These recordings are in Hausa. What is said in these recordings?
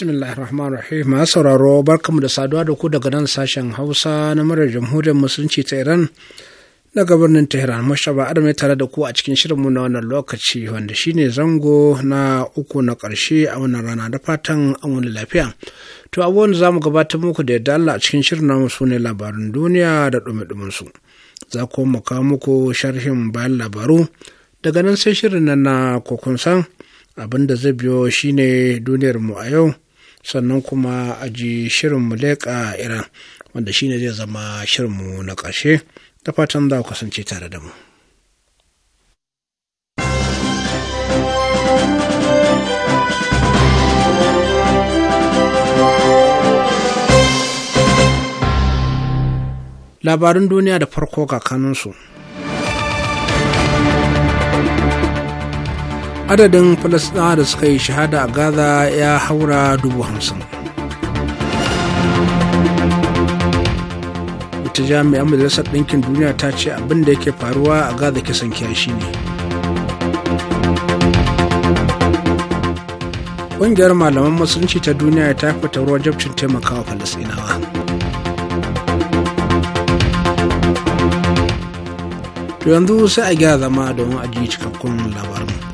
bismillahir rahman rahim ma sauraro barkamu da saduwa da ku daga nan sashen hausa na murar jamhuriyar musulunci ta iran na birnin tehran mashaba adam ya tare da ku a cikin shirinmu na wannan lokaci wanda shine zango na uku na ƙarshe a wannan rana da fatan an wani lafiya to abubuwan za mu gabatar muku da yadda allah a cikin shirin namu su ne labarin duniya da ɗumi su za ku mu kawo muku sharhin bayan labaru daga nan sai shirin nan na kokonsan abin da zai biyo shine duniyarmu a yau sannan kuma a ji shirin mu leƙa iran wanda shine zai zama shirin mu na ƙarshe ta fatan za ku kasance tare da mu. Labarin duniya da farko kakanninsu. adadin falasɗinawa da suka yi shahada a gaza ya haura dubu hamsin wata jami'an majalisar ɗinkin duniya ta ce abin da yake faruwa a gaza kisan shi ne ƙungiyar malaman musulunci ta duniya ta fita ruwa jabcin taimakawa falasɗinawa to yanzu sai a gyara zama domin a ji cikakkun labarin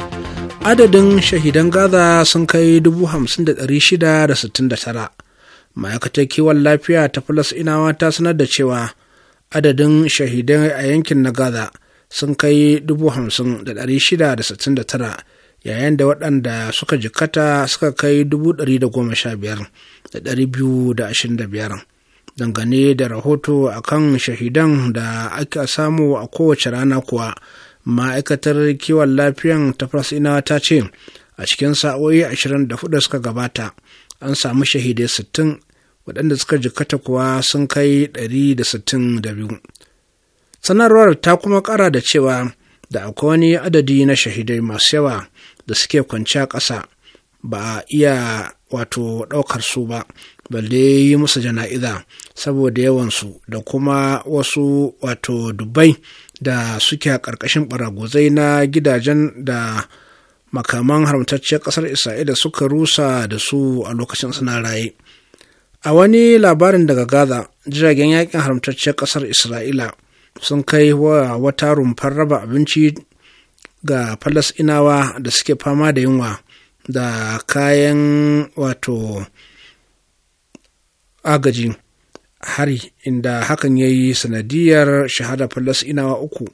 adadin shahidan gaza sun kai 50,669 ma'aikatar kiwon lafiya ta inawa ta sanar da cewa adadin shahidan a yankin na gaza sun kai 50,669 yayin da waɗanda suka jikata suka kai 115,225 dangane da rahoto akan shahidan da aka samu a kowace rana kuwa ma'aikatar kiwon lafiyan ta falasɗinawa ta ce a cikin sa'o'i 24 da suka gabata an samu shahidai 60 waɗanda suka jikata kuwa sun kai 162 sanarwar ta kuma ƙara da cewa da akwai wani adadi na shahidai masu yawa da suke kwanciya ƙasa ba a iya wato ɗaukar su ba balle yi musu jana'iza saboda yawansu da kuma wasu wato dubbai da suke a ƙarƙashin baragozai na gidajen da makaman haramtacciyar ƙasar isra'ila suka rusa da su a lokacin suna raye a wani labarin daga gaza jiragen yakin haramtacciyar ƙasar isra'ila sun kai wa wata rumfar raba abinci ga falasinawa da suke fama da yunwa da kayan wato agaji hari inda hakan ya yi sanadiyar shahada inawa uku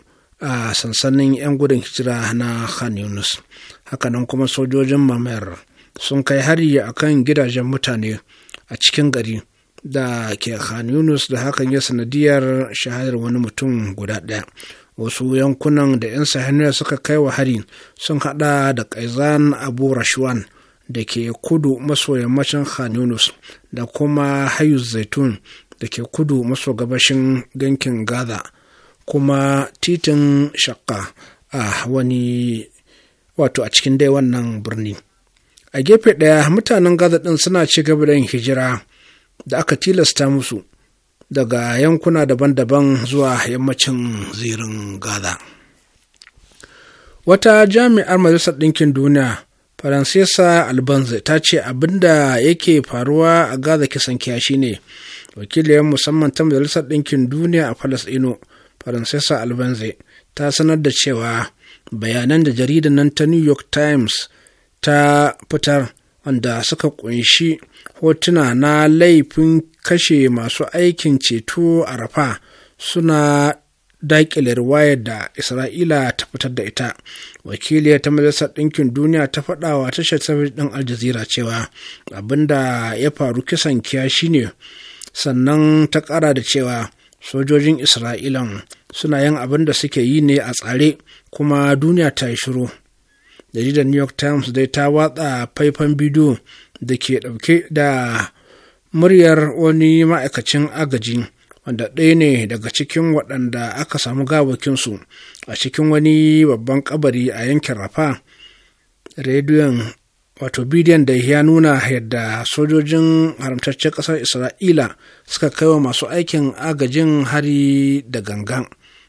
a sansanin 'yan gudun hijira na khan yunus hakanan kuma sojojin mamayar sun kai hari a kan gidajen mutane a cikin gari da ke khan yunus da hakan ya sanadiyar shahadar wani mutum guda ɗaya wasu yankunan da 'yan sahaniya suka kai wa hari sun hada da kaizan abu rashwan da ke kudu maso yammacin khan yunus da kuma hayu zaitun da ke kudu maso gabashin gankin gaza kuma titin shakka a wani wato a cikin dai wannan birni a gefe ɗaya mutanen gaza ɗin suna ci gaba da yin hijira da aka tilasta musu daga yankuna daban-daban zuwa yammacin zirin gaza wata jami'ar majalisar ɗinkin duniya faransesa albanze ta ce abinda yake faruwa a gaza kisan kiyashi ne wakiliyar musamman ta majalisar ɗinkin duniya a falasɗino faransesa albanze ta sanar da cewa bayanan da jaridan nan ta new york times ta fitar wanda suka kunshi hotuna na laifin kashe masu aikin ceto a rafa suna daƙile wayar da isra'ila ta fitar da ita wakiliyar ta majalisar ɗinkin duniya ta faɗa wa tashar ɗin aljazira cewa abinda ya faru kisan kiya shine ne sannan ta ƙara da cewa sojojin isra'ilan suna yin abin da suke yi ne a tsare kuma duniya ta yi shiru jaridar new york times dai ta watsa faifan bidiyo da ke ɗauke da muryar wani ma'aikacin agaji wanda ɗaya ne daga cikin waɗanda aka samu gawakinsu a cikin wani babban kabari a yankin rafa rediyon wato bidiyon da ya nuna yadda sojojin haramtaccen ƙasar isra'ila suka kai wa masu aikin agajin hari da gangan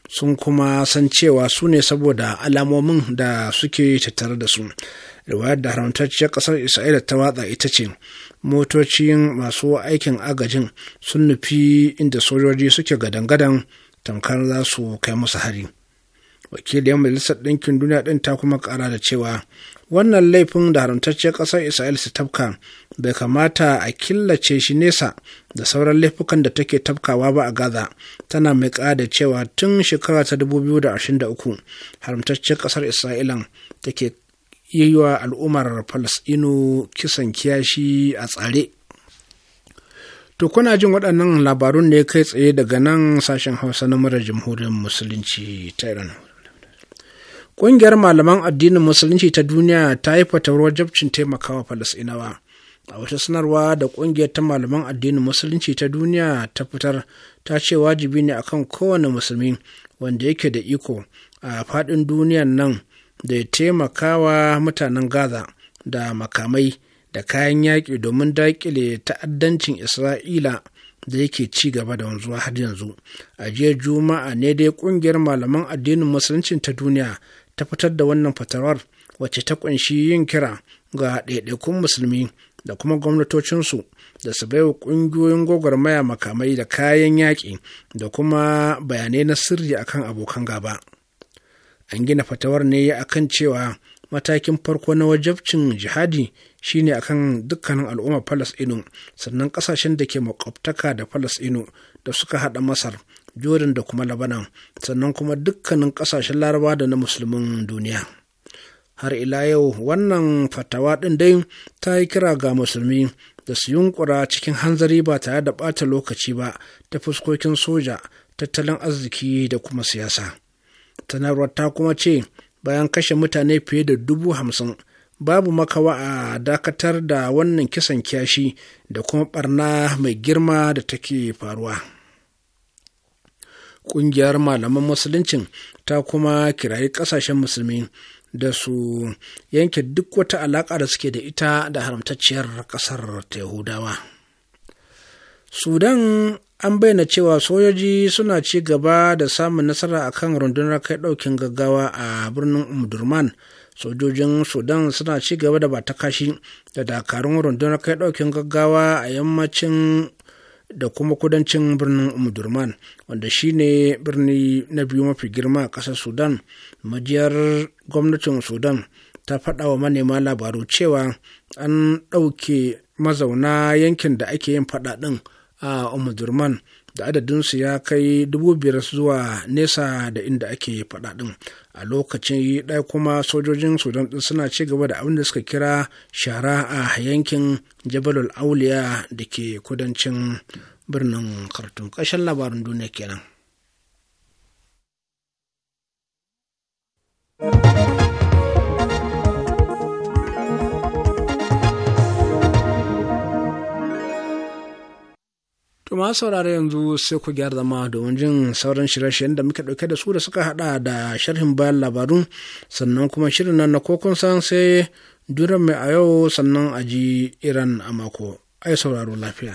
sun kuma san cewa su ne saboda alamomin da suke tattare da su riwayar da haramtacciyar ƙasar isra'ila ta watsa ita ce motocin masu aikin agajin sun nufi inda sojoji suke gadan-gadan tamkar za su kai musu hari wakiliyar majalisar ɗinkin duniya ɗin ta kuma ƙara da cewa wannan laifin da haramtacciyar ƙasar isra'il su tafka bai kamata a killace shi nesa da sauran laifukan da take tafkawa ba a gaza tana mai ƙada cewa tun shekara ta 2023 haramtacciyar ƙasar isra'ilan take yi wa al'ummar falasɗinu kisan kiyashi a tsare To kuna jin waɗannan labarun ne kai tsaye daga nan sashen Hausa na murar jamhuriyar Musulunci ta Iran. Ƙungiyar malaman addinin musulunci ta duniya ta yi fatar jabcin taimakawa Falasɗinawa. A wata sanarwa da ƙungiyar ta malaman addinin musulunci ta duniya ta fitar ta ce wajibi ne akan kowane musulmi wanda yake da iko a faɗin duniyan nan da ya taimakawa mutanen Gaza da makamai da kayan yaƙi domin daƙile ta'addancin Isra'ila da yake ci gaba da wanzuwa har yanzu. A jiya Juma'a ne dai ƙungiyar malaman addinin Musulunci ta duniya ta fitar da wannan fatawar wacce ta kunshi yin kira ga ɗaiɗaikun musulmi da kuma gwamnatocinsu da su baiwa ƙungiyoyin maya makamai da kayan yaƙi da kuma bayanai na sirri akan abokan gaba an gina fatawar ne akan cewa matakin farko na wajabcin jihadi shine akan dukkanin al'ummar falasɗinu sannan ƙasashen da ke makwabtaka da falasɗinu da suka haɗa masar jordan da kuma labanan sannan kuma dukkanin kasashen laraba da na musulmin duniya har ila yau wannan fatawa ɗin dai ta yi kira ga musulmi da su yunkura cikin hanzari ba tare da ɓata lokaci ba ta fuskokin soja tattalin arziki da kuma siyasa sanarwar ta kuma ce bayan kashe mutane fiye da dubu hamsin babu makawa a dakatar da wannan kisan kyashi da kuma barna mai girma da take faruwa. ƙungiyar malaman musuluncin ta kuma kirayi ƙasashen musulmi da su yanke duk wata alaƙa da suke da ita da haramtacciyar ƙasar ta yahudawa sudan an bayyana cewa sojoji suna ci gaba da samun nasara a kan rundunar kai ɗaukin gaggawa a birnin umdurman sojojin sudan suna ci gaba da kashi da dakarun rundunar kai ɗaukin gaggawa a yammacin da kuma kudancin birnin umdurman wanda shine birni na biyu mafi girma a ƙasar sudan majiyar gwamnatin sudan ta faɗa wa manema labaru cewa an ɗauke mazauna yankin da ake yin faɗaɗin din a umdurman da adadinsu ya kai dubu biyar zuwa nesa da inda ake faɗa ɗin a lokacin ɗaya kuma sojojin sudan ɗin suna ci gaba da abin da suka kira shara a yankin jabalul auliya da ke kudancin birnin khartoum kashin labarin duniya kenan. Tuma saurare yanzu sai ku gyara zama domin jin sauran shirye-shiryen da muke ɗauke da su da suka haɗa da sharhin bayan labarun sannan kuma shirin nan na kokon san sai duran mai a yau sannan a ji Iran a mako. Ai sauraro lafiya.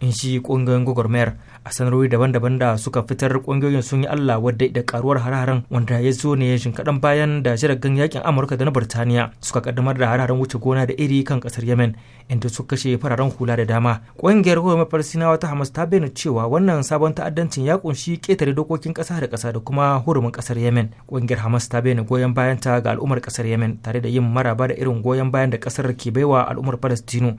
in shi kungiyoyin gwagwarmayar a sanarwar daban-daban da suka fitar kungiyoyin sun yi allah wadda da karuwar hare wanda ya zo ne shin kadan bayan da jiragen yakin amurka da na Burtaniya. suka kaddamar da hare wuce gona da iri kan kasar yemen inda suka kashe fararen hula da dama kungiyar gwamnatin farsinawa ta hamas ta bayyana cewa wannan sabon ta'addancin ya kunshi ketare dokokin ƙasa da kasa da kuma hurumin kasar yemen kungiyar hamas ta bayyana goyon bayanta ga al'ummar kasar yemen tare da yin maraba da irin goyon bayan da kasar ke baiwa al'ummar palestino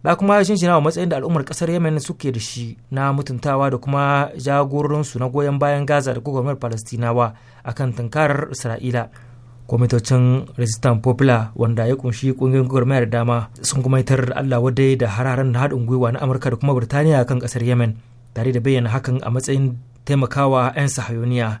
ba kuma shi nawa matsayin da al'ummar kasar yemen suke da shi na mutuntawa da kuma jagororinsu na goyon bayan gaza da gwamnatin palestinawa akan tunkarar isra'ila kwamitocin resistance popular wanda ya kunshi kungiyoyin gwamnatin da dama sun kuma yitar allah wadai da hararen na haɗin gwiwa na amurka da kuma birtaniya kan kasar yemen tare da bayyana hakan a matsayin taimakawa 'yan sahayoniya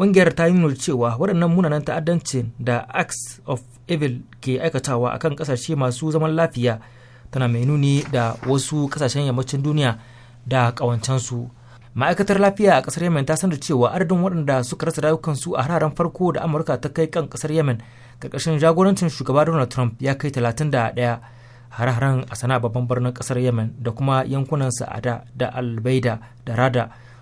ƙungiyar ta yi nuna cewa waɗannan munanan ta'addancin da acts of evil ke aikatawa akan ƙasashe masu zaman lafiya tana mai nuni da wasu ƙasashen yammacin duniya da ƙawancensu ma'aikatar lafiya a ƙasar yemen ta sanar cewa adadin waɗanda suka rasa rayukansu a hararen farko da amurka ta kai kan ƙasar yemen ƙarƙashin jagorancin shugaba donald trump ya kai talatin da ɗaya hare-haren a sana babban birnin ƙasar yemen da kuma yankunan sa'ada da albaida da rada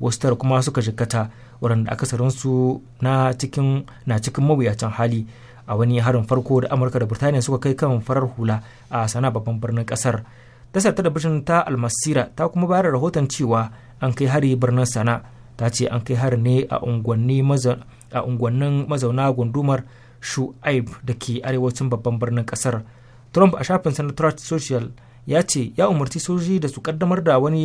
wasu tara kuma suka jikkata waɗanda akasarinsu na cikin na cikin mawuyacin hali a wani harin farko da amurka da birtaniya suka kai kan farar hula a sana babban birnin kasar tasar talabijin ta almasira ta kuma bayar da rahoton cewa an kai hari birnin sana ta ce an kai hari ne a unguwannin mazauna gundumar shu'aib da ke arewacin babban birnin kasar trump a shafin na social ya ce ya umarci sojoji da su kaddamar da wani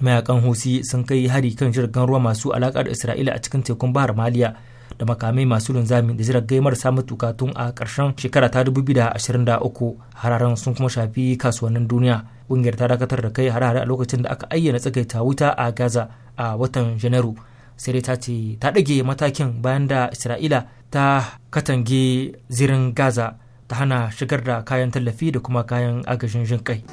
mayakan husi sun kai hari kan jirgin ruwa masu alaƙa da isra'ila a cikin tekun bahar maliya da makamai masu linzami da jiragai marasa matuka tun a ƙarshen shekara ta 2023 hararen sun kuma shafi kasuwannin duniya ƙungiyar ta dakatar da kai harare a lokacin da aka ayyana tsagaita wuta a gaza a watan janairu sai dai ta ce ta ɗage matakin bayan da isra'ila ta katange zirin gaza ta hana shigar da kayan tallafi da kuma kayan agajin jin kai.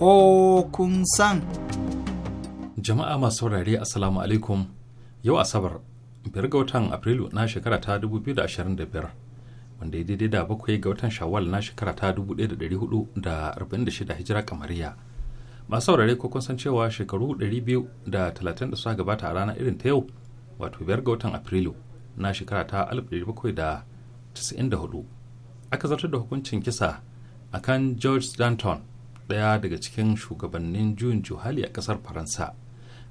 ko kun san. Jama'a masu saurare Assalamu alaikum yau Asabar biyar ga watan Afrilu na shekara ta 2025 wanda ya daidai da bakwai ga watan Shawwal na shekara ta 1446 hijira kamariya. Masu saurare ko kun san cewa shekaru 230 da suka gabata a ranar irin ta yau wato biyar ga watan Afrilu na shekara ta 1794 aka zartar da hukuncin kisa akan George Danton Daya daga cikin shugabannin juyin juhali a kasar faransa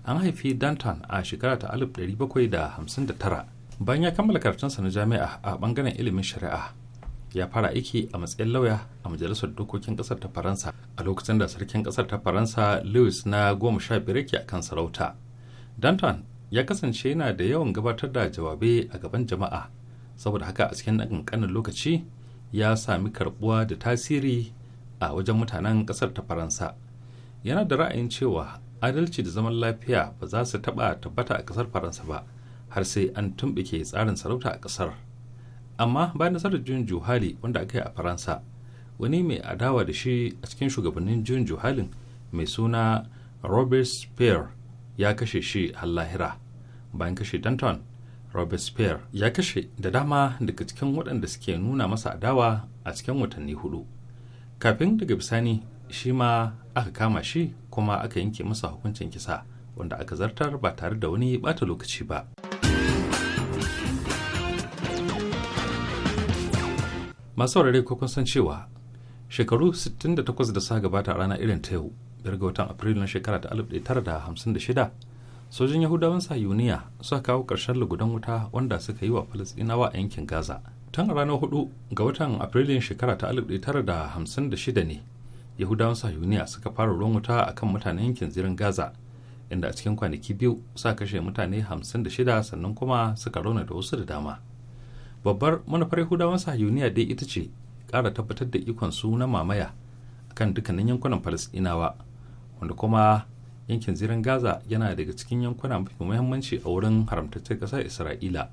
an haifi danton a shekara ta 1759 bayan ya kammala karatunsa na jami'a a bangaren ilimin shari'a ya fara aiki a matsayin lauya a majalisar dokokin Kasar ta faransa a lokacin da sarkin kasar ta faransa louis na goma sha biyar yake kan sarauta danton ya kasance yana da yawan gabatar da jawabai a gaban jama'a saboda haka a cikin ƙanƙanin lokaci ya sami karbuwa da tasiri a wajen mutanen kasar ta faransa yana da ra'ayin cewa adalci da zaman lafiya ba za su taɓa tabbata a kasar faransa ba har sai an tumɓuke tsarin sarauta a kasar amma bayan nasarar juyin juhali wanda aka yi a faransa wani mai adawa da shi a cikin shugabannin juyin juhalin mai suna robert spear ya kashe shi har lahira bayan kashe danton robert spear ya kashe da dama daga cikin waɗanda suke nuna masa adawa a cikin watanni hudu kafin daga bisani shi ma aka kama shi kuma aka yanke masa hukuncin kisa wanda aka zartar ba tare da wani bata lokaci ba masu saurare ko kun san cewa shekaru 68 da suka gabata a rana irin ta yau daga watan afrilu na shekara ta 1956 sojin yahudawan sayuniya suka kawo ƙarshen lugudan wuta wanda suka yi wa falasɗinawa a yankin gaza tun a ranar 4 ga watan afrilun shekara ta alif tara da 1956 ne yahudawan sahiyuniya suka fara ruwan wuta a kan mutanen yankin zirin gaza inda a cikin kwanaki biyu sa kashe mutane shida sannan kuma suka rauna da wasu da dama babbar manufar yahudawan sahiyuniya dai ita ce kara tabbatar da ikon su na mamaya kan dukkanin yankunan falasɗinawa wanda kuma yankin zirin gaza yana daga cikin yankuna mafi muhimmanci a wurin haramtaccen ƙasar isra'ila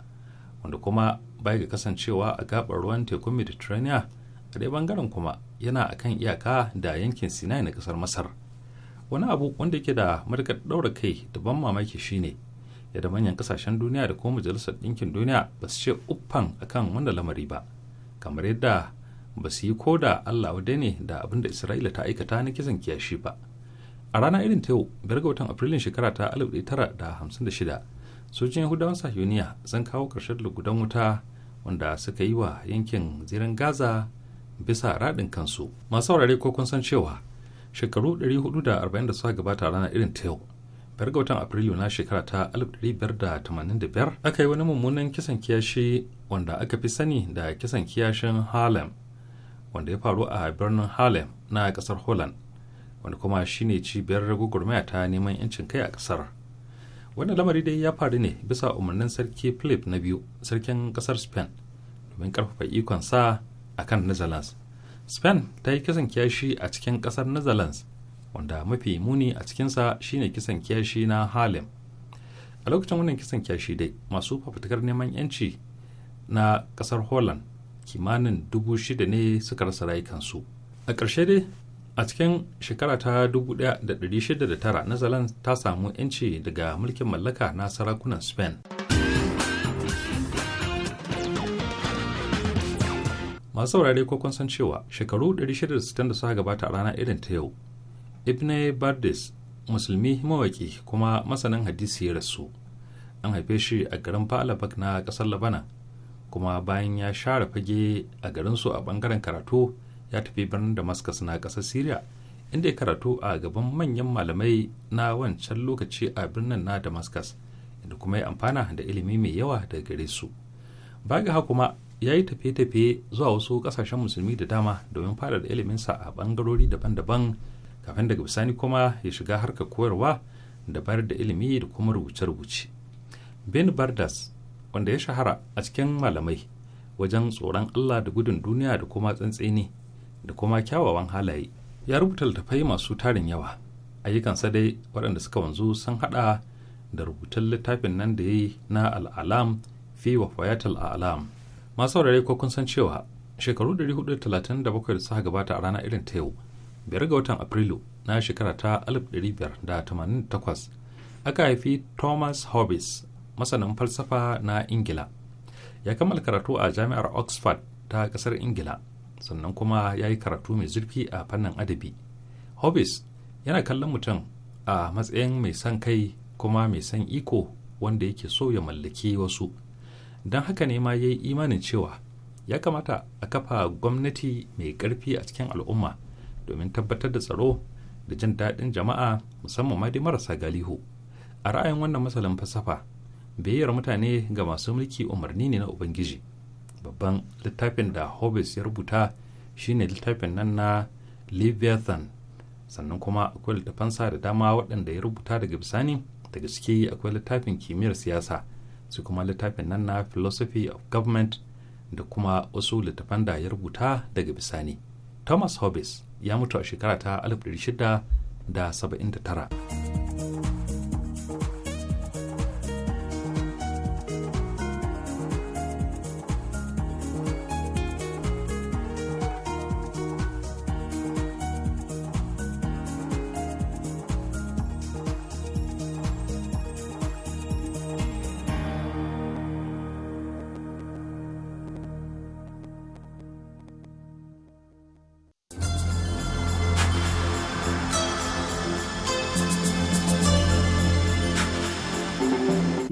wanda kuma baya ga kasancewa a gabar ruwan tekun mediterranean a dai bangaren kuma yana akan iyaka da yankin sinai na kasar masar wani abu wanda yake da matakar daura kai da ban mamaki shine yadda manyan kasashen duniya da kuma majalisar ɗinkin duniya ba su ce uffan akan wannan lamari ba kamar yadda ba su yi ko da allah wade ne da abin da isra'ila ta aikata na kisan kiyashi ba a rana irin ta yau biyar ga watan afrilun shekara ta 1956 sojin yahudawan sahiyoniya sun kawo ƙarshen lugudan wuta wanda suka yi wa yankin zirin gaza bisa raɗin kansu masu saurare ko kun san cewa shekaru 440 da suka gabata rana irin ta yau biyar ga watan afrilu na shekara ta 1585 aka yi wani mummunan kisan kiyashi wanda aka fi sani da kisan kiyashin harlem wanda ya faru a birnin harlem na kasar holland wanda kuma shine cibiyar gwagwarmaya ta neman yancin kai a kasar wannan lamari dai ya faru ne bisa umarnin sarki philip na biyu sarkin kasar spain domin karfafa ikonsa a kan netherlands spain ta yi kisan kiyashi a cikin kasar netherlands wanda mafi muni a cikinsa shine kisan kiyashi na harlem a lokacin wannan kisan kiyashi dai masu fafutukar neman yanci na kasar holland kimanin dubu shida ne suka rasa rayukansu a ƙarshe dai a cikin shekara ta 1609 ta samu 'yanci daga mulkin mallaka na sarakunan spain masu saurare ko kun san cewa shekaru 660 da suka gabata a rana irin ta yau ibn bardis musulmi mawaki kuma masanin hadisi ya rasu an haife shi a garin falabak na kasar labana kuma bayan ya share fage a garinsu a bangaren karatu ya tafi birnin damascus na ƙasar syria inda ya karatu a gaban manyan malamai na wancan lokaci a birnin na damascus inda kuma ya amfana da ilimi mai yawa daga gare su baga haka kuma ya yi tafiye-tafiye zuwa wasu ƙasashen musulmi da dama domin fara da iliminsa a ɓangarori daban-daban kafin daga bisani kuma ya shiga harkar koyarwa da bayar da ilimi da kuma rubuce-rubuce ben bardas wanda ya shahara a cikin malamai wajen tsoron allah da gudun duniya da kuma tsantseni da kuma kyawawan halaye ya rubuta littattafai masu tarin yawa ayyukansa dai waɗanda suka wanzu sun haɗa da rubutun littafin nan da ya yi na al'alam fi wafayatul al'alam masu wurare ko kun san cewa shekaru 437 da suka gabata a rana irin ta yau biyar ga watan afrilu na shekara ta 1588 aka haifi thomas hobbes masanin falsafa na ingila ya kammala karatu a jami'ar oxford ta kasar ingila sannan kuma ya yi karatu mai zurfi a fannin adabi hobbes yana kallon mutum a matsayin mai son kai kuma mai son iko wanda yake so ya mallaki wasu don haka ne ma ya yi imanin cewa ya kamata a kafa gwamnati mai ƙarfi a cikin al'umma domin tabbatar da tsaro da jin daɗin jama'a musamman ma dai marasa galihu a ra'ayin wannan masalin fasafa biyayyar mutane ga masu mulki umarni ne na ubangiji babban littafin da hobbes ya rubuta shine littafin nan na leviathan sannan kuma akwai sa da dama waɗanda ya rubuta daga bisani daga yi akwai littafin kimiyyar siyasa su kuma littafin nan na philosophy of government da kuma wasu littafan da ya rubuta daga bisani thomas hobbes ya mutu a shekara ta 1679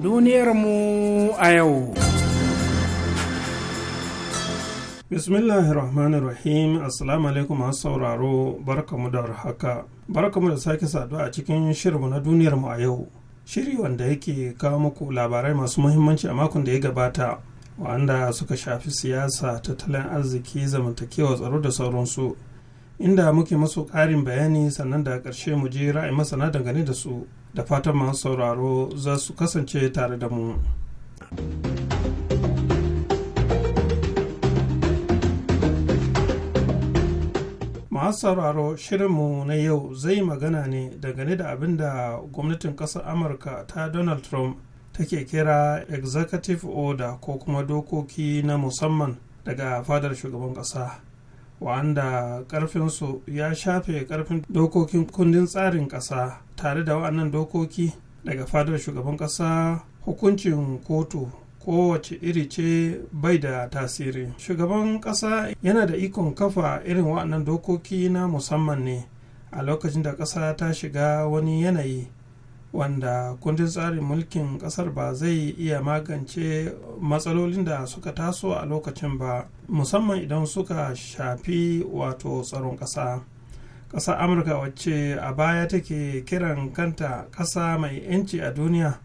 duniyarmu a yau. ar-rahim Assalamu alaikum masu sauraro barkamu da haka. Barkamu da sake saduwa a cikin shirinmu na duniyarmu a yau. Shiri wanda yake kawo muku labarai masu muhimmanci a makon da ya gabata wanda suka shafi siyasa, tattalin arziki, zamantakewa tsaro da sauransu. Inda muke masu ƙarin bayani sannan da ƙarshe mu je ra'ayi masana dangane da su. da fatan masu sauraro za su kasance tare da mu. masu sauraro shirinmu na yau zai magana ne daga dangane da abin da gwamnatin kasar amurka ta donald trump take kira executive order ko kuma dokoki na musamman daga fadar shugaban kasa. wa'anda ƙarfinsu ya shafe ƙarfin dokokin kundin tsarin ƙasa tare da wa'annan dokoki daga fadar shugaban ƙasa hukuncin kotu kowace iri ce bai da tasiri shugaban ƙasa yana da ikon kafa irin wa'annan dokoki na musamman ne a lokacin da ƙasa ta shiga wani yanayi wanda kundin tsarin mulkin kasar ba zai iya magance matsalolin da suka taso a lokacin ba musamman idan suka shafi wato tsaron ƙasa ƙasar amurka wacce a baya take kiran kanta ƙasa mai 'yanci a duniya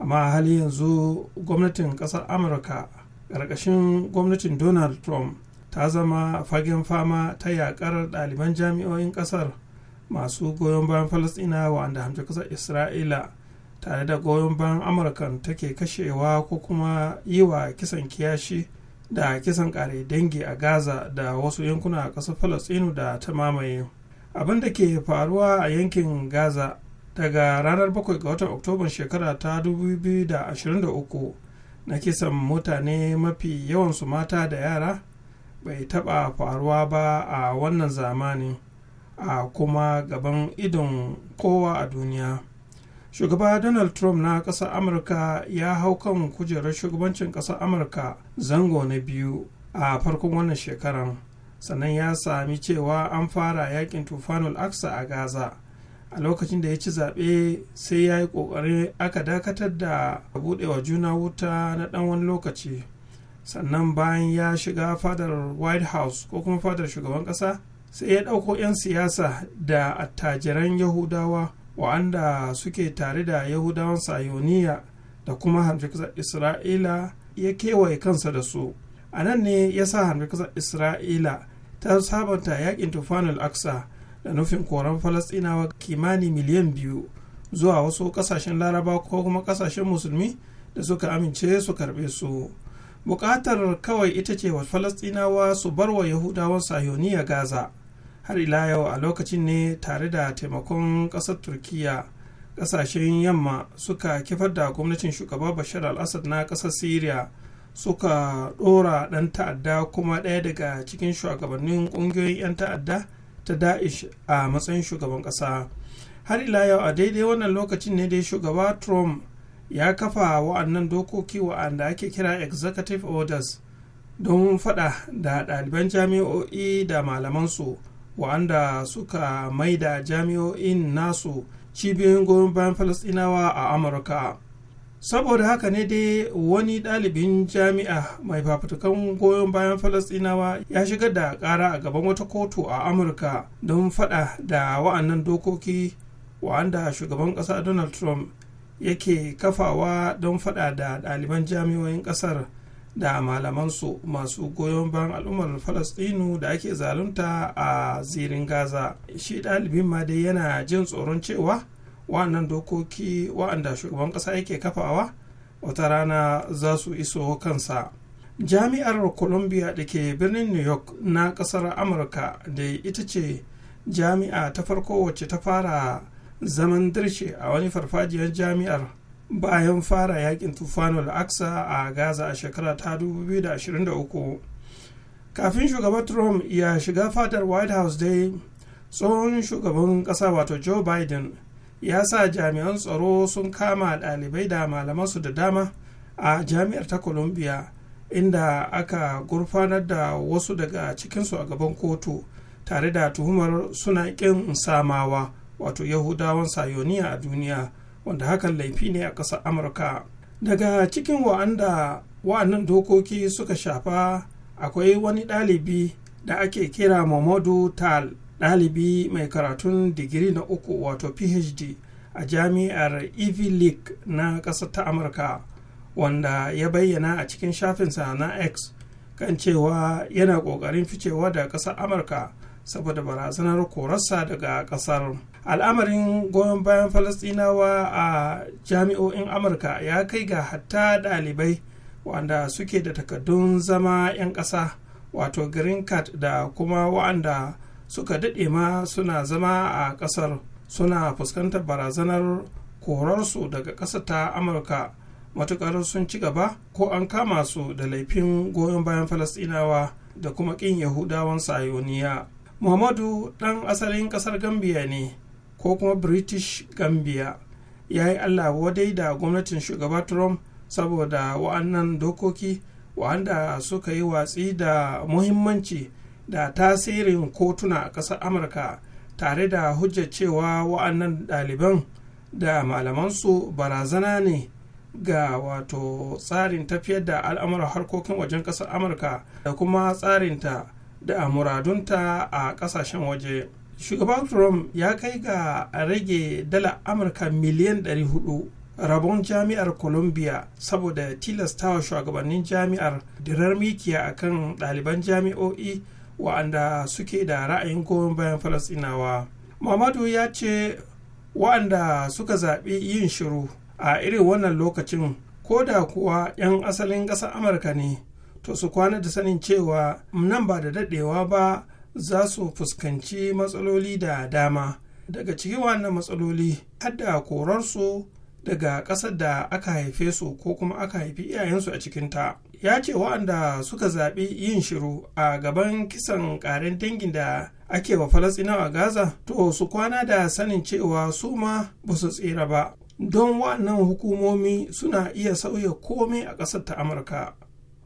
amma hali yanzu gwamnatin ƙasar amurka ƙarƙashin gwamnatin donald trump ta zama fagen fama ta yaƙar ɗaliban jami'o'in ƙasar masu goyon bayan Falasɗina wanda hamshe kasar isra'ila tare da goyon bayan amurkan take kashewa ko kuma yi wa kisan kiyashi da kisan kare dangi a gaza da wasu yankuna a ƙasar falasɗinu da ta mamaye abin da ke faruwa a yankin gaza daga ranar 7 ga watan oktoban shekara ta 2023 na kisan mutane mafi yawan su mata da yara bai taɓa faruwa ba a wannan zamani. a kuma gaban idon kowa a duniya shugaba donald trump na ƙasar amurka ya hau kan kujerar shugabancin ƙasar amurka zango na biyu a farkon wannan shekaran sannan ya sami cewa an fara yakin tufanul aksa a gaza a lokacin da ya ci zaɓe sai ya yi ƙoƙarin aka dakatar da buɗewa juna wuta na ɗan wani lokaci sannan bayan ya shiga fadar white house ko kuma fadar shugaban ƙasa sai ya ɗauko 'yan siyasa da attajiran yahudawa wa'anda suke tare da yahudawan sayoniya da kuma hamfikar isra'ila ya kewaye kansa da su a nan ne ya sa hamfikar isra'ila ta sabanta yakin tufanul aksa da nufin koran falasinawa kimanin miliyan biyu zuwa wasu kasashen laraba ko kuma kasashen musulmi da suka amince su karbe su buƙatar kawai ita ce wa falasinawa su bar wa yahudawan sayoniya gaza har ila yau a lokacin ne tare da taimakon ƙasar turkiya ƙasashen yamma suka kifar da gwamnatin shugaba bashar al-assad na ƙasar syria suka ɗora ɗan ta'adda kuma ɗaya daga cikin shugabannin ƙungiyoyin 'yan ta'adda ta da'ish a matsayin shugaban ƙasa har ila yau a daidai wannan lokacin ne dai shugaba trump ya kafa wa'annan dokoki wa'anda ake kira executive orders don faɗa da ɗaliban jami'o'i da malamansu wa'anda suka maida jami'o'in nasu cibiyoyin goyon bayan falasɗinawa a amurka saboda haka ne dai wani ɗalibin jami'a mai fafutukan goyon bayan falasɗinawa ya shiga da ƙara a gaban wata kotu a amurka don faɗa da wa'annan dokoki wa'anda shugaban ƙasa donald trump yake kafawa don faɗa da ɗaliban jami'o'in ƙasar da malamansu masu goyon bayan al'ummar falastinu da ake zalunta a zirin gaza shi ɗalibin ma dai yana jin tsoron cewa wa'annan dokoki wa'anda shugaban ƙasa yake kafawa wata rana za su iso kansa jami'ar columbia da ke birnin new york na ƙasar amurka da ita ce jami'a ta farko wacce ta fara zaman dirshe a wani farfajiyar jami'ar bayan fara yakin tufanul aksa a gaza a shekara ta 2023 kafin shugaban trump ya shiga fatar white house dai tsohon shugaban kasa wato joe biden ya sa jami'an tsaro sun kama dalibai da malamansu da dama a jami'ar ta columbia inda aka gurfanar da wasu daga cikinsu a gaban kotu tare da tuhumar suna kin samawa wato yahudawan sayoniya a duniya wanda hakan laifi ne a ƙasar amurka daga cikin wa'anda wa'annan dokoki suka shafa akwai wani ɗalibi da ake kira momodu tal ɗalibi mai karatun digiri na uku wato phd a jami'ar ivy league na ƙasar ta amurka wanda ya bayyana a cikin shafinsa na x kan cewa yana ƙoƙarin ficewa da ƙasar amurka saboda barazanar korarsa daga ƙasar al'amarin goyon bayan falasɗinawa a jami'o'in amurka ya kai ga hatta ɗalibai wanda suke da takardun zama 'yan ƙasa wato green card da kuma wa'anda suka daɗe ma suna zama a ƙasar suna fuskantar barazanar korarsu daga ƙasa ta amurka matuƙar sun ci gaba ko an kama su da laifin goyon bayan falasɗinawa da kuma ƙin yahudawan sayoniya muhammadu ɗan asalin ƙasar gambiya ne ko kuma british gambia ya yi allah wadai da gwamnatin shugaba trump saboda wa'annan dokoki wa'anda suka yi watsi da muhimmanci da tasirin kotuna a ƙasar amurka tare da hujjar cewa wa'annan ɗaliban da malamansu barazana ne ga wato tsarin tafiyar da al'amuran harkokin wajen ƙasar amurka da kuma tsarinta da muradunta a ƙasashen waje. shugaban trump ya kai ga rage dala amurka miliyan 400 rabon jami'ar columbia saboda tilastawa shugabannin jami'ar dirar mikiya a kan ɗaliban jami'o'i wa'anda suke da ra'ayin goma bayan falasinawa mamadu ya ce wa'anda suka zaɓi yin shiru a irin wannan lokacin ko da kuwa 'yan asalin ƙasar amurka ne to su kwana da sanin cewa nan ba da daɗewa ba za su fuskanci matsaloli da dama daga cikin wannan matsaloli hadda korarsu daga ƙasar da aka haife su ko kuma aka haifi iyayensu a cikinta ya ce wa'anda suka zaɓi yin shiru a gaban kisan ƙaren dangin da ake wa a gaza to su kwana da sanin cewa su ma ba su tsira ba don wa'annan hukumomi suna iya sauya komai a ƙasar ta amurka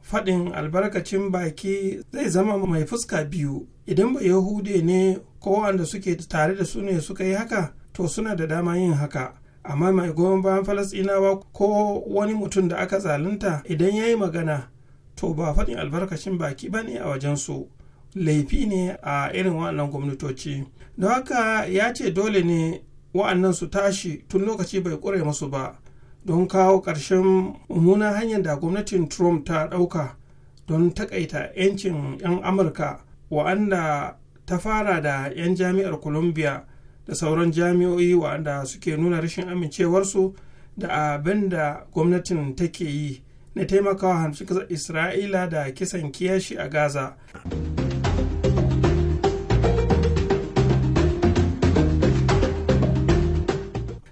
faɗin albarkacin baki zai zama mai fuska biyu idan ba yahude ne ko wanda suke tare da su ne suka yi haka to suna da dama yin haka amma mai goma bayan falasɗinawa ko wani mutum da aka zalunta idan ya yi magana to ba faɗin albarkacin baki ba ne a wajensu laifi ne a irin waɗannan gwamnatoci da haka ya ce dole ne wa'annan su tashi tun lokaci bai ƙure musu ba don kawo ƙarshen mummunan hanyar da gwamnatin trump ta ɗauka don taƙaita 'yancin 'yan amurka wa'anda ta fara da 'yan jami'ar columbia da sauran jami'o'i wa'anda suke nuna rashin amincewarsu da abin da gwamnatin take yi na taimakawa hamsin kasar isra'ila da kisan kiyashi a gaza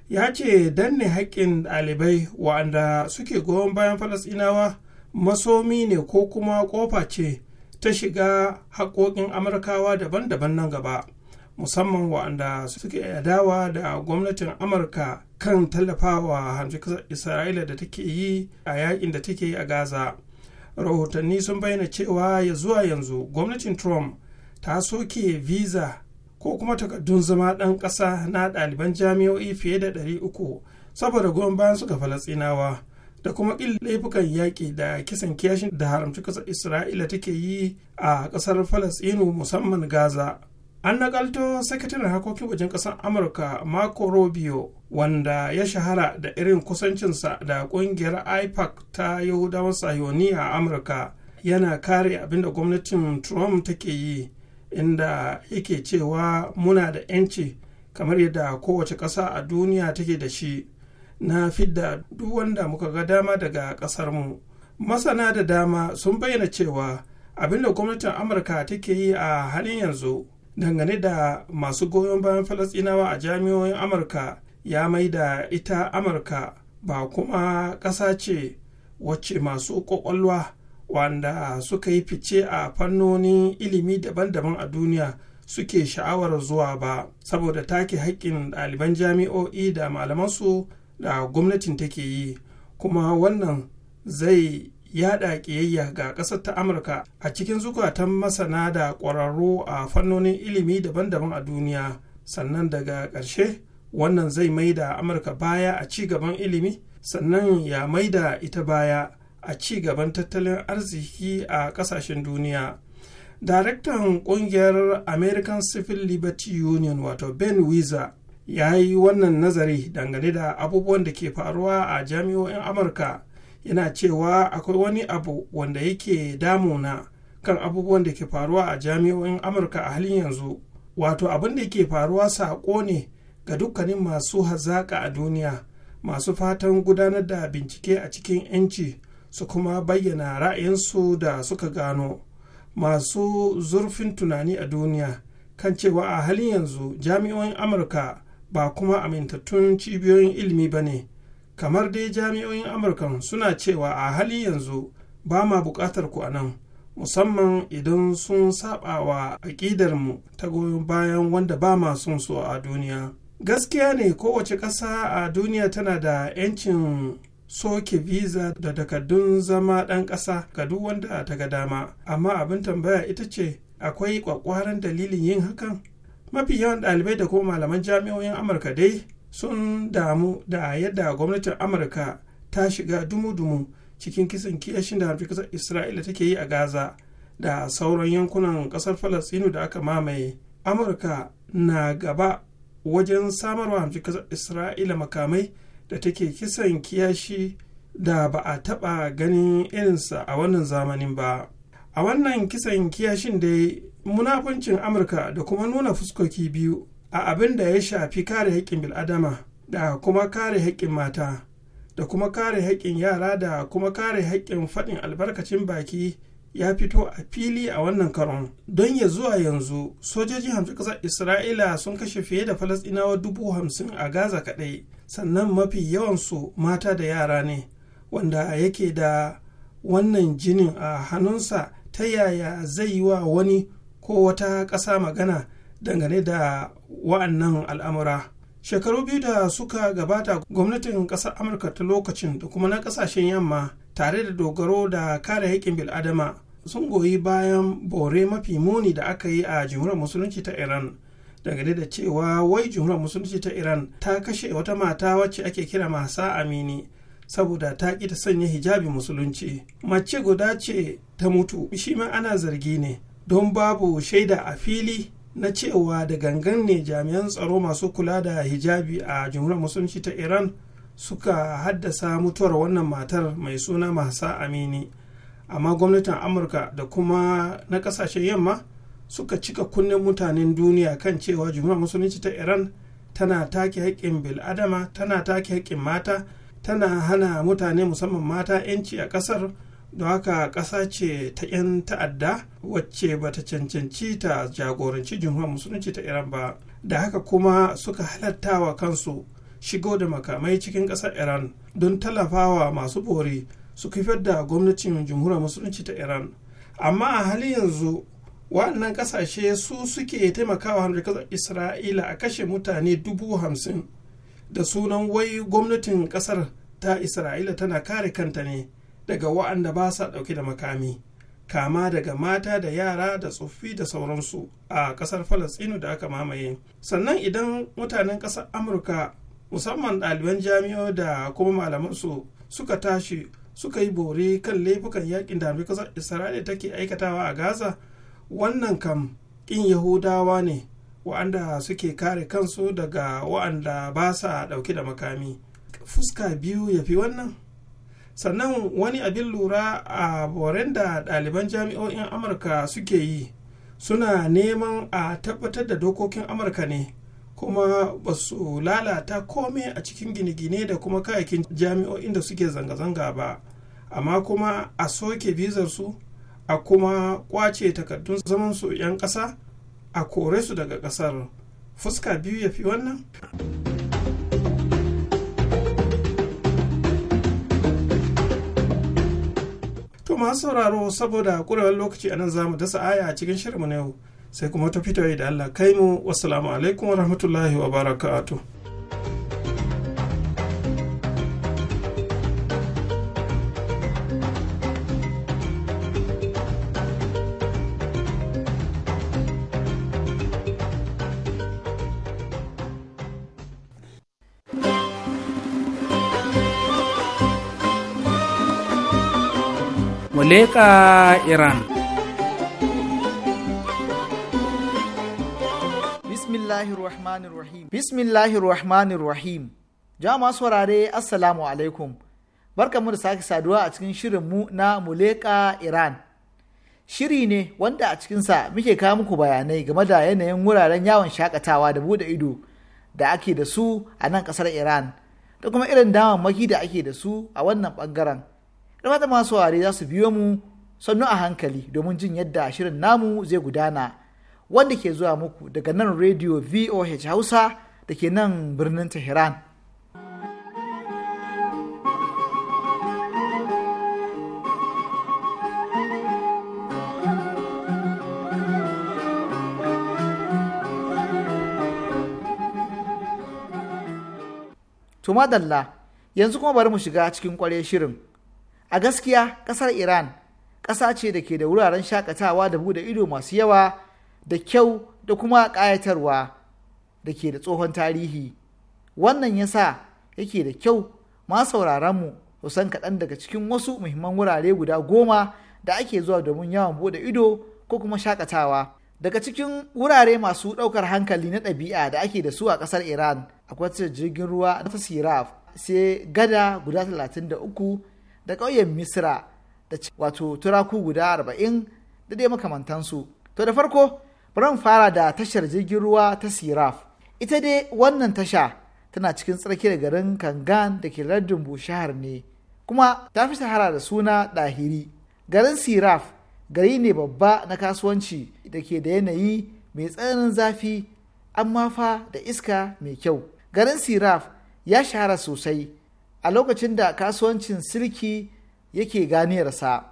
ya ce danne haƙƙin ɗalibai wa'anda suke goyon bayan falasɗinawa masomi ne ko kuma ƙofa ce ta shiga haƙoƙin amurkawa daban-daban nan gaba musamman waɗanda suke adawa da gwamnatin amurka kan tallafawa hamjikasar isra'ila da take yi a yakin da take yi a gaza rahotanni sun bayyana cewa ya zuwa yanzu gwamnatin trump ta soke visa ko kuma takardun zama ɗan ƙasa na ɗaliban jami'o'i fiye da 300 saboda goyon bayan su ga da kuma ƙin yaƙi da kisan kiyashin da haramci ƙasar isra'ila take yi a ƙasar falasɗinu musamman gaza an nakalto sakataren harkokin wajen ƙasar amurka marco rubio wanda ya shahara da irin kusancinsa da ƙungiyar ipac ta yahudawan sayoni a amurka yana kare abinda gwamnatin trump take yi inda yake cewa muna da 'yanci kamar yadda kowace ƙasa a duniya take da shi na fidda duk wanda muka ga dama daga mu masana da dama sun bayyana cewa abin da gwamnatin amurka take yi a halin yanzu dangane da masu goyon bayan falasinawa a jami'oyin amurka ya mai da ita amurka ba kuma ƙasa ce wacce masu ƙwaƙwalwa wanda suka yi fice a fannonin ilimi daban-daban a duniya suke sha'awar zuwa ba saboda take haƙƙin ɗaliban jami'o'i da malamansu da gwamnatin take yi kuma wannan zai yada ƙiyayya ga ƙasar ta amurka a cikin zukatan masana da ƙwararru a fannonin ilimi daban-daban a duniya sannan daga ƙarshe wannan zai mai da amurka baya a ci gaban ilimi sannan ya mai da ita baya a ci gaban tattalin arziki a ƙasashen duniya daraktan ƙungiyar american civil liberty union wato ben wiza ya yi wannan nazari dangane da abubuwan da ke faruwa a jami'o'in amurka yana cewa akwai wani abu wanda yake damuna kan abubuwan da ke faruwa a jami'o'in amurka a halin yanzu wato abin da ke faruwa saƙo ne ga dukkanin masu hazaƙa a duniya masu fatan gudanar da bincike a cikin 'yanci su kuma bayyana ra'ayinsu da suka gano masu zurfin tunani a duniya kan cewa a halin yanzu jami'o'in amurka ba kuma amintattun cibiyoyin ilimi ba ne kamar dai jami'oyin amurkan suna cewa a hali yanzu ba ma buƙatar ku a nan musamman idan sun saba wa aƙidarmu ta goyon bayan wanda ba ma son so a duniya gaskiya ne kowace ƙasa a duniya tana da 'yancin soke visa da takardun zama ɗan ƙasa ga duk wanda ta ga dama amma abin tambaya ita ce akwai ƙwaƙwaran dalilin yin hakan mafi yawan ɗalibai da kuma malaman jami'o'in amurka dai sun damu da yadda gwamnatin amurka ta shiga dumu-dumu cikin kisan kiyashin da harfi kasar isra'ila take yi a gaza da sauran yankunan kasar falastinu da aka mamaye amurka na gaba wajen samarwa harfi kasar isra'ila makamai da take kisan kiyashi da ba a taɓa ganin irinsa a wannan zamanin ba a wannan kisan kiyashin dai munafuncin amurka da kuma nuna fuskoki biyu a abin da ya shafi kare haƙƙin bil'adama da kuma kare haƙƙin mata da kuma kare haƙƙin yara da kuma kare haƙƙin faɗin albarkacin baki ya fito a fili a wannan karon don ya zuwa yanzu sojoji hamsin ƙasar isra'ila sun kashe fiye da falasɗinawa dubu hamsin a gaza kaɗai sannan mafi yawansu mata da yara ne wanda yake da wannan jinin a hannunsa ta yaya zai yi wa wani ko wata ƙasa magana dangane da wa'annan al'amura shekaru biyu da suka gabata gwamnatin ƙasar amurka ta lokacin da kuma na ƙasashen yamma tare da dogaro da kare haƙƙin bil'adama sun goyi bayan bore mafi muni da aka yi a jimurar musulunci ta iran dangane da cewa wai jimurar musulunci ta iran ta kashe wata mata wacce ake kira masa amini saboda ta ƙi ta sanya hijabi musulunci mace guda ce ta mutu shi ma ana zargi ne don babu shaida a fili na cewa da gangan ne jami'an tsaro masu kula da hijabi a jumhuriyar musulunci ta iran suka haddasa mutuwar wannan matar mai suna masu amini amma gwamnatin amurka da kuma na kasashen yamma suka cika kunnen mutanen duniya kan cewa jumhuriyar musulunci ta iran tana take haƙƙin bil'adama tana take haƙƙin mata tana hana mutane musamman mata 'yanci a ƙasar don haka ƙasa ce ta 'yan ta'adda wacce ba ta cancanci ta jagoranci jumhuriyar musulunci ta iran ba da haka kuma suka wa kansu shigo da makamai cikin ƙasar iran don tallafawa masu bori su kifar da gwamnatin jamhuriyar musulunci ta iran amma a halin yanzu waɗannan ƙasashe su suke taimakawa hamdar isra'ila a kashe mutane dubu hamsin da sunan wai gwamnatin ƙasar ta isra'ila tana kare kanta ne daga wa'anda ba sa ɗauke da makami kama daga mata da yara da tsoffi da sauransu a ƙasar falastinu da aka mamaye sannan idan mutanen ƙasar amurka musamman ɗaliban jami'o da kuma malamansu suka tashi suka yi bore kan laifukan yakin da ƙasar isra'ila take aikatawa a gaza wannan kam ƙin yahudawa ne wa'anda suke kare kansu daga wa'anda ba sa ɗauke da makami fuska biyu ya fi wannan sannan wani abin lura a boren da ɗaliban jami'o'in amurka suke yi suna neman a tabbatar da dokokin amurka ne kuma ba su lalata kome a cikin gine-gine da kuma kayakin jami'o'in da suke zanga-zanga ba amma kuma a soke bizarsu a kuma kwace takardun zaman su 'yan ƙasa a kore su daga ƙasar fuska biyu ya fi wannan to masu sauraro saboda ƙurewar lokaci anan za mu dasa aya a cikin shirinmu na yau sai kuma ta fito da Allah kai mu wassalamu alaikum wa rahmatullahi wa barakatuh leka iran Bismillahir Rahmanir Rahim. jama saurare assalamu alaikum Barka barkamu da sake saduwa a cikin shirin mu na muleka iran shiri ne wanda a cikinsa muke kawo muku bayanai game da yanayin wuraren yawon shakatawa da bude ido da ake da su a nan kasar iran da kuma irin damammaki da ake da su a wannan bangaren da mata masu ware za su biyo mu sannu a hankali domin jin yadda shirin namu zai gudana wanda ke zuwa muku daga nan rediyo voh hausa da ke nan birnin tehran To madalla yanzu kuma bari mu shiga cikin kware shirin a gaskiya ƙasar iran ƙasa ce da ke da wuraren shakatawa da bude ido masu yawa da kyau da kuma kayatarwa da ke da tsohon tarihi wannan ya sa yake da kyau ma sauraronmu mu san kaɗan daga cikin wasu muhimman wurare guda goma da ake zuwa domin yawan bude ido ko kuma shakatawa daga cikin wurare masu ɗaukar hankali na ɗabi'a da ake da su a ƙasar iran akwai jirgin ruwa na sai gada guda 33 da ƙauyen misra da wato turaku guda arba'in da dai makamantansu to da farko bari fara da tashar jirgin ruwa ta siraf ita dai wannan tasha tana cikin tsarki da garin kangan da ke lardin bushahar ne kuma ta fi shahara da suna ɗahiri garin siraf gari ne babba na kasuwanci da ke da yanayi mai tsananin zafi amma fa da iska mai kyau garin siraf ya shahara sosai a lokacin da kasuwancin sirki yake ganiyarsa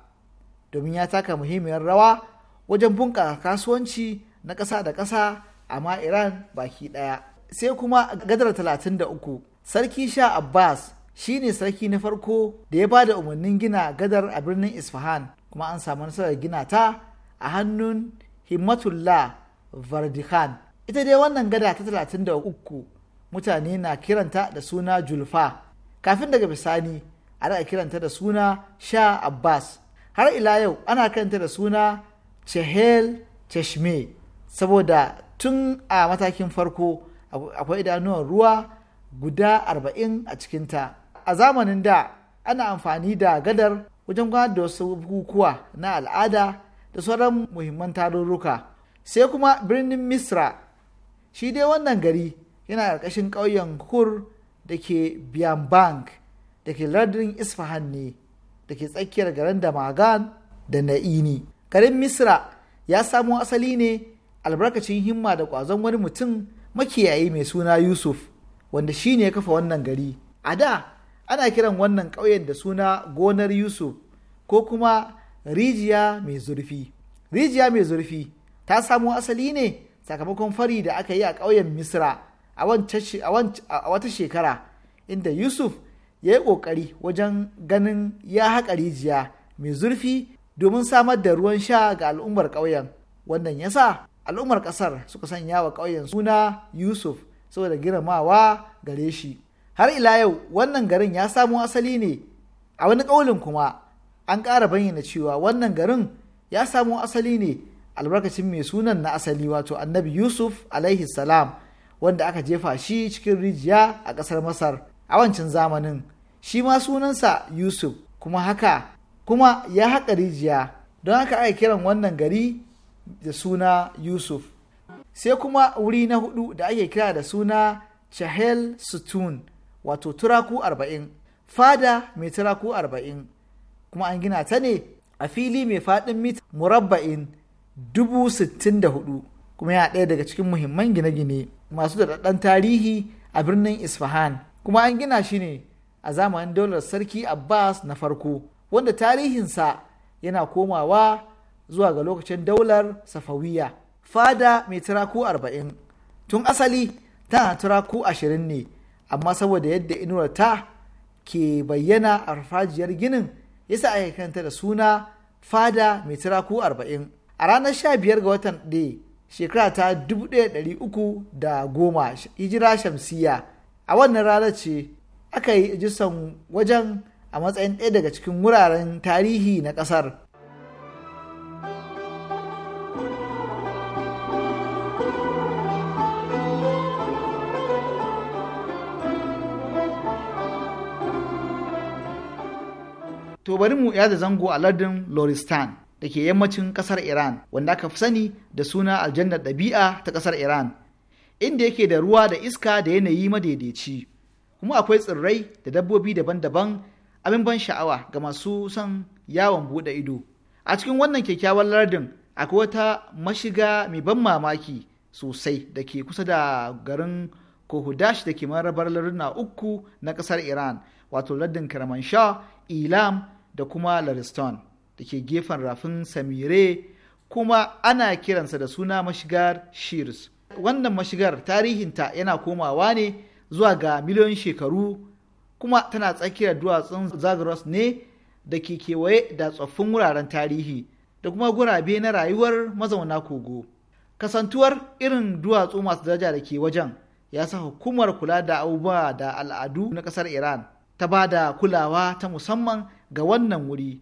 domin ya taka muhimmiyar rawa wajen bunƙasa kasuwanci na ƙasa da ƙasa amma iran baki ɗaya sai kuma gadar 33 sarki sha abbas shi ne sarki na farko da ya ba da umarnin gina gadar a birnin isfahan kuma an samu nasarar gina ta a hannun himmatullah vardikhan ita dai wannan gada ta 33 mutane na kiranta da suna julfa kafin daga bisani a daga kiranta da suna sha abbas har ila yau ana kiranta da suna chehel cheshme saboda tun a matakin farko akwai idanuwan ruwa guda arba'in a cikinta a zamanin da ana amfani da gadar wajen gudanar da wasu bukukuwa na al'ada da sauran muhimman tarurruka sai kuma birnin misra shi dai wannan gari yana ƙarƙashin ƙauyen kur da ke biyanbank da ke lardin isfahan ne da ke tsakiyar garin damagan da na'ini garin misra ya samo asali ne albarkacin himma da ƙwazon wani mutum makiyayi mai suna yusuf wanda shi ne ya kafa wannan gari a da ana kiran wannan ƙauyen da suna gonar yusuf ko kuma rijiya mai zurfi rijiya mai zurfi ta samo asali ne sakamakon fari da aka yi a ƙauyen misra a wata shekara inda yusuf ya yi ƙoƙari wajen ganin ya haƙa rijiya mai zurfi domin samar da ruwan sha ga al'ummar ƙauyen wannan ya sa al'ummar ƙasar suka sanya wa ƙauyen suna yusuf saboda girmamawa gare shi har ila yau wannan garin ya samo asali ne a wani ƙaulin kuma an ƙara bayyana cewa wannan garin ya samo asali ne albarkacin mai sunan na asali wato annabi yusuf alaihi salam wanda aka jefa shi cikin rijiya a ƙasar masar a wancan zamanin shi ma sunansa yusuf kuma haka kuma ya haƙa rijiya don haka aka kiran wannan gari da suna yusuf sai kuma wuri na hudu da ake kira da suna chahel sutun wato turaku arba'in fada mai turaku arba'in kuma an gina ta ne a fili mai fadin mita murabba'in dubu sittin da hudu kuma yana ɗaya daga cikin muhimman gine-gine masu daɗaɗɗen tarihi a birnin isfahan kuma an gina shi ne a zamanin daular sarki abbas na farko wanda tarihinsa yana komawa zuwa ga lokacin daular safawiya fada mai turaku arba'in tun asali tana turaku ashirin ne amma saboda yadda inuwar ta ke bayyana a farfajiyar ginin yasa aka kanta da suna fada mai turaku arba'in a ranar sha ga watan ɗaya shekara ta 1310 hijira shamsiya a wannan ranar ce aka yi jisan wajen a matsayin ɗaya daga cikin wuraren tarihi na ƙasar to bari mu ya da zango a lardin loristan da ke yammacin kasar Iran wanda aka fi sani da suna aljannar ɗabi'a ta kasar Iran inda yake da ruwa da iska da yanayi madaidaici kuma akwai tsirrai da dabbobi daban-daban abin ban sha'awa ga masu son yawon buɗe ido a cikin wannan kyakkyawan lardin akwai wata mashiga mai ban mamaki sosai da ke kusa da garin kohudash da ke marabar larduna uku na ƙasar iran wato lardin kermanshah ilam da kuma lariston da ke gefen rafin samire kuma ana kiransa da suna mashigar shirs wannan mashigar tarihinta yana komawa ne zuwa ga miliyoyin shekaru kuma tana tsakiyar duwatsun zagros ne da ke kewaye da tsoffin wuraren tarihi da kuma gurabe na rayuwar mazauna kogo kasantuwar irin duwatsu masu daraja da ke wajen ya sa hukumar kula da abubuwa da al'adu na kasar iran ta ba da kulawa ta musamman ga wannan wuri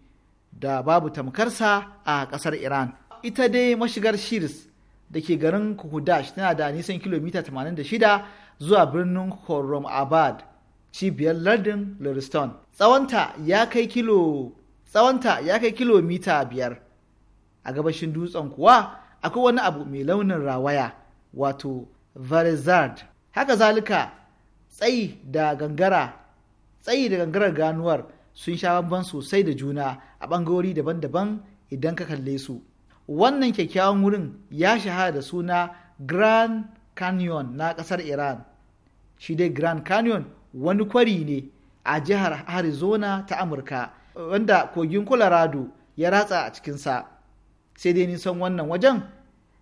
da babu tamkarsa a ƙasar Iran. Ita dai mashigar Shirs da ke garin Kuhudash tana da nisan kilomita 86 zuwa birnin Khorram Abad, cibiyar lardin Lurston. Tsawonta ya kai kilomita biyar. A gabashin dutsen kuwa akwai wani abu mai launin rawaya wato Verizard. Haka zalika tsayi da gangara tsayi da gangarar ganuwar sun sha bamban sosai da juna a ɓangarori daban-daban idan ka kalle su wannan kyakkyawan wurin ya shahara da suna grand canyon na ƙasar iran shi dai grand canyon wani kwari ne a jihar arizona ta amurka wanda kogin colorado ya ratsa a cikinsa sai dai nisan wannan wajen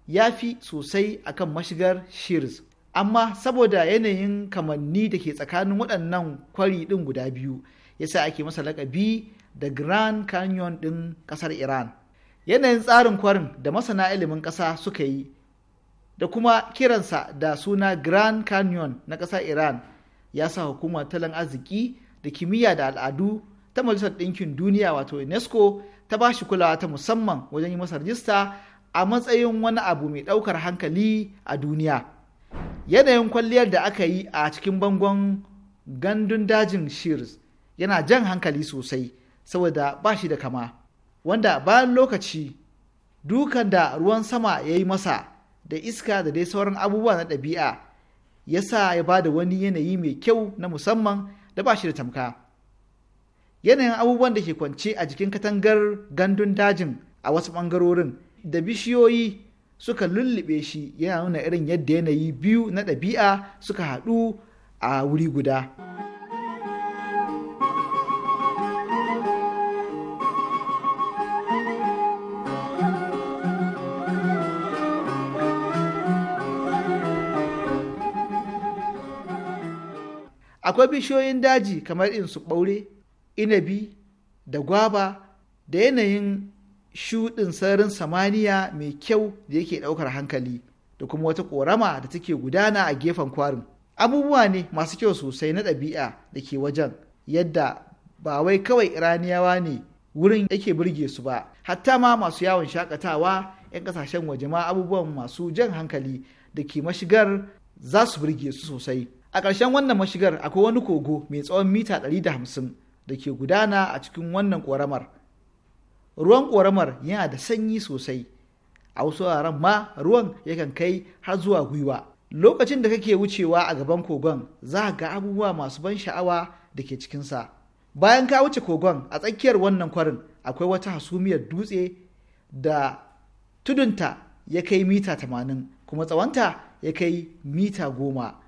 ya fi sosai akan mashigar shears amma saboda yanayin kamanni da ke tsakanin waɗannan kwari ɗin guda biyu ya yasa ake masa lakabi da grand canyon ɗin ƙasar iran yanayin tsarin kwarin da masana ilimin ƙasa suka yi da kuma kiransa da suna grand canyon na ƙasar iran ya sa hukumar talan arziki da kimiyya da al'adu ta majalisar ɗinkin duniya wato unesco ta ba shi kulawa ta musamman wajen yi masa rajista a matsayin wani abu mai ɗaukar hankali a duniya yanayin kwalliyar da aka yi a cikin bangon gandun dajin shears yana jan hankali sosai saboda ba shi da kama wanda bayan lokaci dukan da ruwan sama ya yi masa da iska da dai sauran abubuwa na ɗabi'a ya sa ya ba da wani yanayi mai kyau na musamman da ba shi da tamka yanayin abubuwan da ke kwance a jikin katangar gandun dajin a wasu ɓangarorin da bishiyoyi suka lullube shi yana nuna irin yadda yanayi biyu na ɗabi'a suka haɗu a wuri guda. akwai bishiyoyin daji kamar in su ɓaure inabi da gwaba da yanayin shuɗin sararin samaniya mai kyau da yake ɗaukar hankali da kuma wata ƙorama da take gudana a gefen kwarin abubuwa ne masu kyau sosai na ɗabi'a da ke wajen yadda ba wai kawai iraniyawa ne wurin yake burge su ba hatta ma masu yawon shakatawa 'yan kasashen waje ma abubuwan masu jan hankali da ke mashigar za su burge su sosai a ƙarshen wannan mashigar akwai wani kogo mai tsawon mita 150 da ke gudana a cikin wannan ƙoramar ruwan ƙoramar yana da sanyi sosai a wasu wuraren ma ruwan yakan kai har zuwa gwiwa lokacin da kake wucewa a gaban kogon za ga abubuwa masu ban sha'awa da ke cikinsa bayan ka wuce kogon a tsakiyar wannan kwarin akwai wata hasumiyar dutse da tudunta ya kai mita 80 kuma tsawonta ya kai mita goma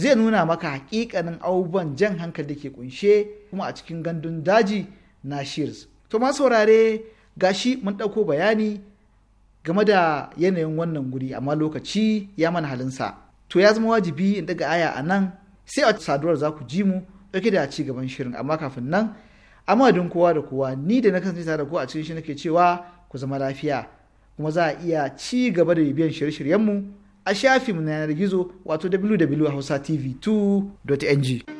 zai nuna maka hakikanin abubuwan jan hankali da ke kunshe kuma a cikin gandun daji na shears to ma saurare gashi mun ɗauko bayani game da yanayin wannan guri amma lokaci ya mana halinsa to ya zama wajibi in daga aya a nan sai a saduwar za ku ji mu ɗauke da ci gaban shirin amma kafin nan amma don kowa da kowa ni da na kasance tare da ku a cikin shi nake cewa ku zama lafiya kuma za a iya ci gaba da bibiyan shirye-shiryenmu a shafin na yanar gizo wato www.hausatv2.ng.